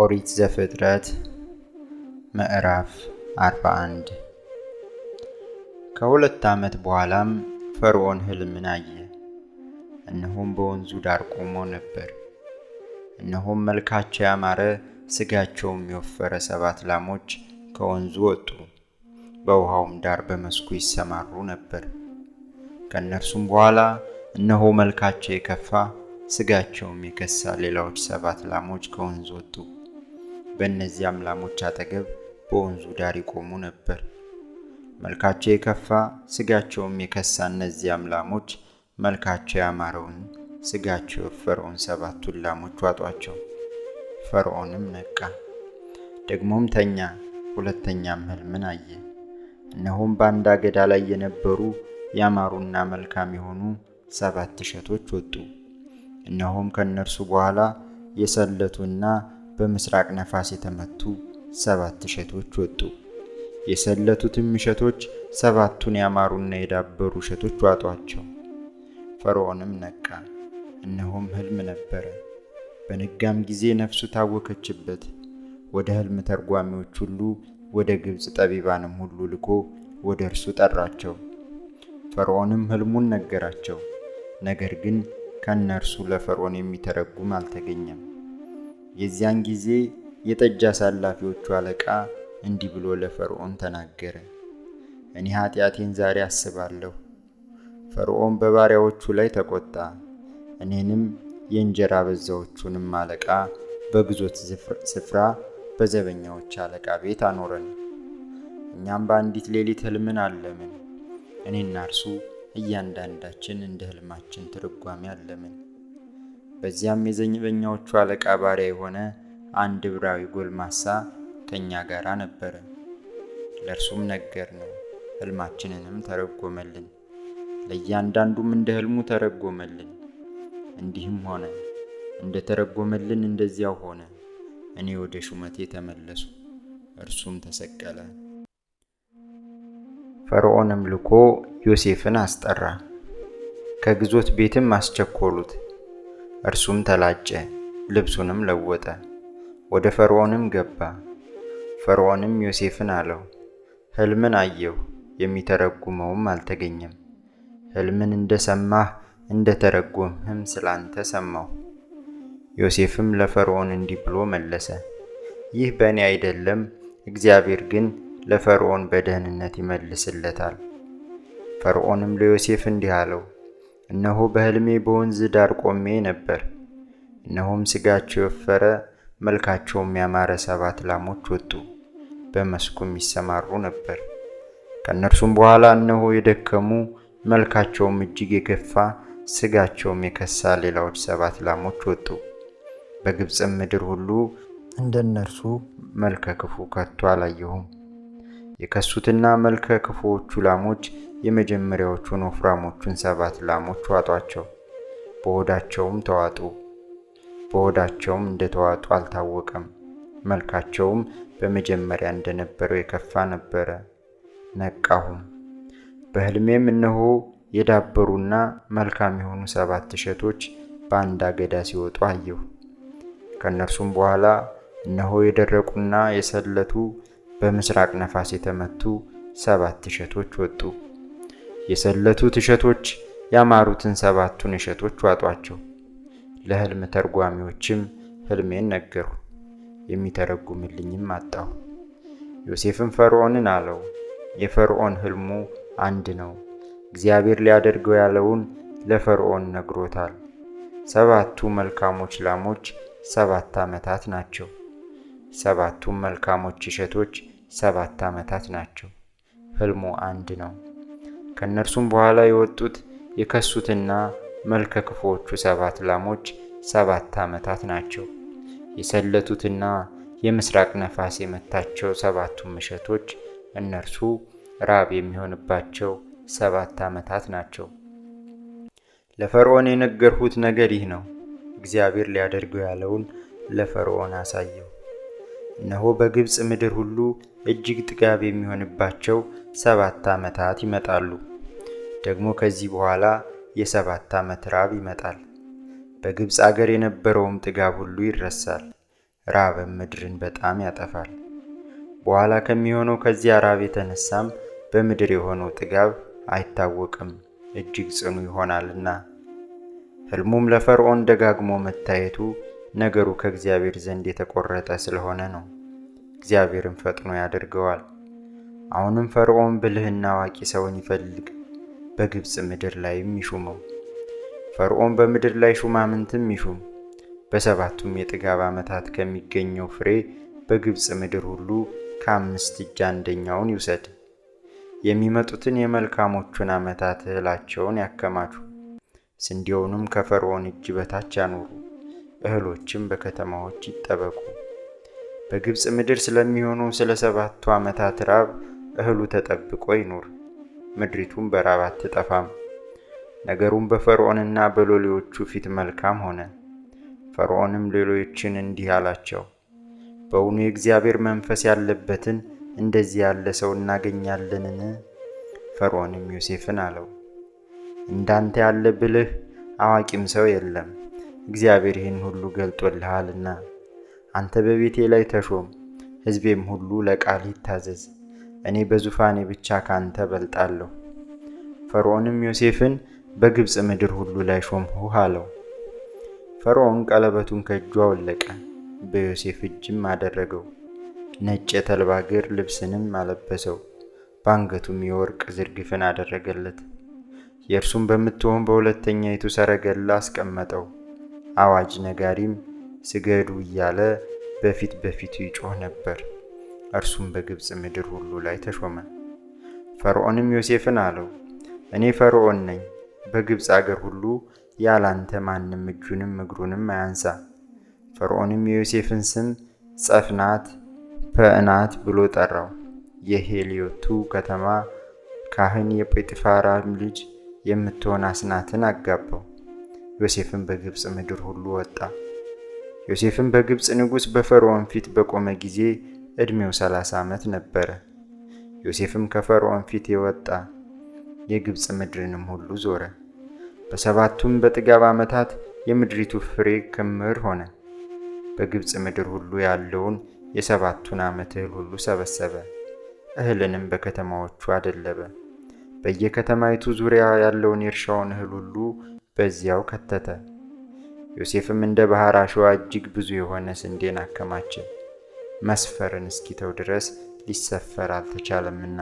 ኦሪት ዘፍጥረት ምዕራፍ 41 ከሁለት ዓመት በኋላም ፈርዖን ሕልምን አየ። እነሆም በወንዙ ዳር ቆሞ ነበር። እነሆም መልካቸው ያማረ ስጋቸውም የወፈረ ሰባት ላሞች ከወንዙ ወጡ፣ በውሃውም ዳር በመስኩ ይሰማሩ ነበር። ከእነርሱም በኋላ እነሆ መልካቸው የከፋ ስጋቸውም የከሳ ሌላዎች ሰባት ላሞች ከወንዝ ወጡ። በእነዚያም ላሞች አጠገብ በወንዙ ዳር ይቆሙ ነበር። መልካቸው የከፋ ስጋቸውም የከሳ እነዚያም ላሞች መልካቸው ያማረውን ስጋቸው የወፈረውን ሰባቱን ላሞች ዋጧቸው። ፈርዖንም ነቃ፣ ደግሞም ተኛ። ሁለተኛም ሕልምን አየ። እነሆም በአንድ አገዳ ላይ የነበሩ ያማሩና መልካም የሆኑ ሰባት እሸቶች ወጡ። እነሆም ከእነርሱ በኋላ የሰለቱና በምስራቅ ነፋስ የተመቱ ሰባት እሸቶች ወጡ። የሰለቱትም እሸቶች ሰባቱን ያማሩና የዳበሩ እሸቶች ዋጧቸው። ፈርዖንም ነቃ፣ እነሆም ሕልም ነበረ። በነጋም ጊዜ ነፍሱ ታወከችበት። ወደ ሕልም ተርጓሚዎች ሁሉ ወደ ግብፅ ጠቢባንም ሁሉ ልኮ ወደ እርሱ ጠራቸው። ፈርዖንም ሕልሙን ነገራቸው። ነገር ግን ከእነርሱ ለፈርዖን የሚተረጉም አልተገኘም። የዚያን ጊዜ የጠጅ አሳላፊዎቹ አለቃ እንዲህ ብሎ ለፈርዖን ተናገረ። እኔ ኃጢአቴን ዛሬ አስባለሁ። ፈርዖን በባሪያዎቹ ላይ ተቆጣ። እኔንም የእንጀራ በዛዎቹንም አለቃ በግዞት ስፍራ በዘበኛዎች አለቃ ቤት አኖረን። እኛም በአንዲት ሌሊት ህልምን አለምን። እኔና እርሱ እያንዳንዳችን እንደ ህልማችን ትርጓሜ አለምን። በዚያም የዘበኛዎቹ አለቃ ባሪያ የሆነ አንድ ዕብራዊ ጎልማሳ ከእኛ ጋር ነበረ። ለእርሱም ነገር ነው፣ ሕልማችንንም ተረጎመልን። ለእያንዳንዱም እንደ ሕልሙ ተረጎመልን። እንዲህም ሆነ፣ እንደ ተረጎመልን እንደዚያው ሆነ። እኔ ወደ ሹመቴ ተመለሱ፣ እርሱም ተሰቀለ። ፈርዖንም ልኮ ዮሴፍን አስጠራ፣ ከግዞት ቤትም አስቸኮሉት። እርሱም ተላጨ፣ ልብሱንም ለወጠ፣ ወደ ፈርዖንም ገባ። ፈርዖንም ዮሴፍን አለው፣ ሕልምን አየሁ፣ የሚተረጉመውም አልተገኘም። ሕልምን እንደ ሰማህ እንደ ተረጎምህም ስላንተ ሰማሁ። ዮሴፍም ለፈርዖን እንዲህ ብሎ መለሰ፣ ይህ በእኔ አይደለም፣ እግዚአብሔር ግን ለፈርዖን በደህንነት ይመልስለታል። ፈርዖንም ለዮሴፍ እንዲህ አለው እነሆ በሕልሜ በወንዝ ዳር ቆሜ ነበር። እነሆም ሥጋቸው የወፈረ መልካቸውም ያማረ ሰባት ላሞች ወጡ፣ በመስኩም ይሰማሩ ነበር። ከእነርሱም በኋላ እነሆ የደከሙ መልካቸውም እጅግ የገፋ ሥጋቸውም የከሳ ሌላዎች ሰባት ላሞች ወጡ። በግብፅም ምድር ሁሉ እንደ እነርሱ መልከ ክፉ ከቶ አላየሁም። የከሱትና መልከ ክፉዎቹ ላሞች የመጀመሪያዎቹን ወፍራሞቹን ሰባት ላሞች ዋጧቸው፣ በሆዳቸውም ተዋጡ። በሆዳቸውም እንደተዋጡ አልታወቀም። መልካቸውም በመጀመሪያ እንደነበረው የከፋ ነበረ። ነቃሁም። በሕልሜም እነሆ የዳበሩና መልካም የሆኑ ሰባት እሸቶች በአንድ አገዳ ሲወጡ አየሁ። ከእነርሱም በኋላ እነሆ የደረቁና የሰለቱ በምስራቅ ነፋስ የተመቱ ሰባት እሸቶች ወጡ። የሰለቱት እሸቶች ያማሩትን ሰባቱን እሸቶች ዋጧቸው። ለህልም ተርጓሚዎችም ህልሜን ነገሩ፣ የሚተረጉምልኝም አጣሁ። ዮሴፍም ፈርዖንን አለው፣ የፈርዖን ህልሙ አንድ ነው። እግዚአብሔር ሊያደርገው ያለውን ለፈርዖን ነግሮታል። ሰባቱ መልካሞች ላሞች ሰባት ዓመታት ናቸው። ሰባቱም መልካሞች እሸቶች ሰባት ዓመታት ናቸው። ሕልሙ አንድ ነው። ከእነርሱም በኋላ የወጡት የከሱትና መልከ ክፉዎቹ ሰባት ላሞች ሰባት ዓመታት ናቸው። የሰለቱትና የምስራቅ ነፋስ የመታቸው ሰባቱም እሸቶች እነርሱ ራብ የሚሆንባቸው ሰባት ዓመታት ናቸው። ለፈርዖን የነገርሁት ነገር ይህ ነው። እግዚአብሔር ሊያደርገው ያለውን ለፈርዖን አሳየው። እነሆ በግብፅ ምድር ሁሉ እጅግ ጥጋብ የሚሆንባቸው ሰባት ዓመታት ይመጣሉ። ደግሞ ከዚህ በኋላ የሰባት ዓመት ራብ ይመጣል። በግብፅ አገር የነበረውም ጥጋብ ሁሉ ይረሳል። ራብም ምድርን በጣም ያጠፋል። በኋላ ከሚሆነው ከዚያ ራብ የተነሳም በምድር የሆነው ጥጋብ አይታወቅም፣ እጅግ ጽኑ ይሆናልና። ሕልሙም ለፈርዖን ደጋግሞ መታየቱ ነገሩ ከእግዚአብሔር ዘንድ የተቆረጠ ስለሆነ ነው። እግዚአብሔርም ፈጥኖ ያደርገዋል። አሁንም ፈርዖን ብልህና አዋቂ ሰውን ይፈልግ፣ በግብፅ ምድር ላይም ይሹመው። ፈርዖን በምድር ላይ ሹማምንትም ይሹም። በሰባቱም የጥጋብ ዓመታት ከሚገኘው ፍሬ በግብፅ ምድር ሁሉ ከአምስት እጅ አንደኛውን ይውሰድ። የሚመጡትን የመልካሞቹን ዓመታት እህላቸውን ያከማቹ፣ ስንዴውንም ከፈርዖን እጅ በታች ያኖሩ። እህሎችም በከተማዎች ይጠበቁ። በግብፅ ምድር ስለሚሆኑ ስለ ሰባቱ ዓመታት ራብ እህሉ ተጠብቆ ይኑር፣ ምድሪቱም በራብ አትጠፋም። ነገሩም በፈርዖንና በሎሌዎቹ ፊት መልካም ሆነ። ፈርዖንም ሌሎችን እንዲህ አላቸው፣ በውኑ የእግዚአብሔር መንፈስ ያለበትን እንደዚህ ያለ ሰው እናገኛለንን? ፈርዖንም ዮሴፍን አለው፣ እንዳንተ ያለ ብልህ አዋቂም ሰው የለም እግዚአብሔር ይህን ሁሉ ገልጦልሃልና አንተ በቤቴ ላይ ተሾም፣ ሕዝቤም ሁሉ ለቃል ይታዘዝ። እኔ በዙፋኔ ብቻ ካንተ በልጣለሁ። ፈርዖንም ዮሴፍን በግብፅ ምድር ሁሉ ላይ ሾምሁህ አለው። ፈርዖን ቀለበቱን ከእጁ አወለቀ፣ በዮሴፍ እጅም አደረገው። ነጭ የተልባ እግር ልብስንም አለበሰው፣ በአንገቱም የወርቅ ዝርግፍን አደረገለት። የእርሱም በምትሆን በሁለተኛይቱ ሰረገላ አስቀመጠው። አዋጅ ነጋሪም ስገዱ እያለ በፊት በፊቱ ይጮህ ነበር። እርሱም በግብፅ ምድር ሁሉ ላይ ተሾመ። ፈርዖንም ዮሴፍን አለው፣ እኔ ፈርዖን ነኝ። በግብፅ አገር ሁሉ ያላንተ ማንም እጁንም እግሩንም አያንሳ። ፈርዖንም የዮሴፍን ስም ጸፍናት ፐዕናት ብሎ ጠራው። የሄሊዮቱ ከተማ ካህን የጴጥፋራ ልጅ የምትሆን አስናትን አጋባው። ዮሴፍም በግብፅ ምድር ሁሉ ወጣ። ዮሴፍም በግብፅ ንጉሥ በፈርዖን ፊት በቆመ ጊዜ ዕድሜው ሰላሳ ዓመት ነበረ። ዮሴፍም ከፈርዖን ፊት የወጣ የግብፅ ምድርንም ሁሉ ዞረ። በሰባቱም በጥጋብ ዓመታት የምድሪቱ ፍሬ ክምር ሆነ። በግብፅ ምድር ሁሉ ያለውን የሰባቱን ዓመት እህል ሁሉ ሰበሰበ። እህልንም በከተማዎቹ አደለበ። በየከተማይቱ ዙሪያ ያለውን የእርሻውን እህል ሁሉ በዚያው ከተተ። ዮሴፍም እንደ ባህር አሸዋ እጅግ ብዙ የሆነ ስንዴን አከማቸ፣ መስፈርን እስኪተው ድረስ ሊሰፈር አልተቻለምና።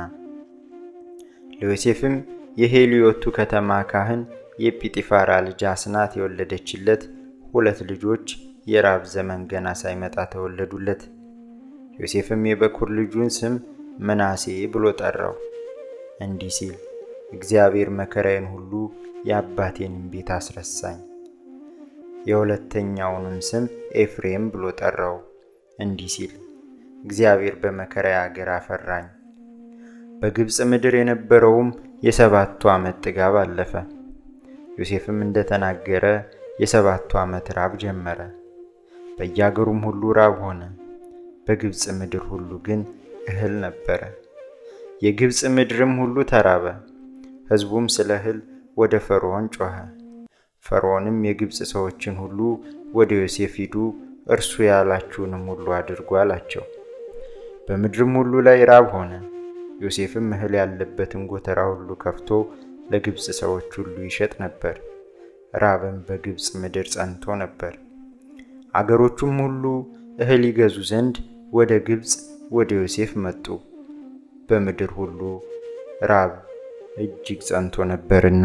ለዮሴፍም የሄሊዮቱ ከተማ ካህን የጲጢፋራ ልጅ አስናት የወለደችለት ሁለት ልጆች የራብ ዘመን ገና ሳይመጣ ተወለዱለት። ዮሴፍም የበኩር ልጁን ስም ምናሴ ብሎ ጠራው፣ እንዲህ ሲል እግዚአብሔር መከራዬን ሁሉ የአባቴንም ቤት አስረሳኝ። የሁለተኛውንም ስም ኤፍሬም ብሎ ጠራው፣ እንዲህ ሲል እግዚአብሔር በመከራ አገር አፈራኝ። በግብፅ ምድር የነበረውም የሰባቱ ዓመት ጥጋብ አለፈ። ዮሴፍም እንደተናገረ የሰባቱ ዓመት ራብ ጀመረ። በየአገሩም ሁሉ ራብ ሆነ። በግብፅ ምድር ሁሉ ግን እህል ነበረ። የግብፅ ምድርም ሁሉ ተራበ። ሕዝቡም ስለ እህል ወደ ፈርዖን ጮኸ። ፈርዖንም የግብፅ ሰዎችን ሁሉ ወደ ዮሴፍ ሂዱ፣ እርሱ ያላችሁንም ሁሉ አድርጉ አላቸው። በምድርም ሁሉ ላይ ራብ ሆነ። ዮሴፍም እህል ያለበትን ጎተራ ሁሉ ከፍቶ ለግብፅ ሰዎች ሁሉ ይሸጥ ነበር። ራብም በግብፅ ምድር ጸንቶ ነበር። አገሮቹም ሁሉ እህል ይገዙ ዘንድ ወደ ግብፅ ወደ ዮሴፍ መጡ። በምድር ሁሉ ራብ እጅግ ጸንቶ ነበርና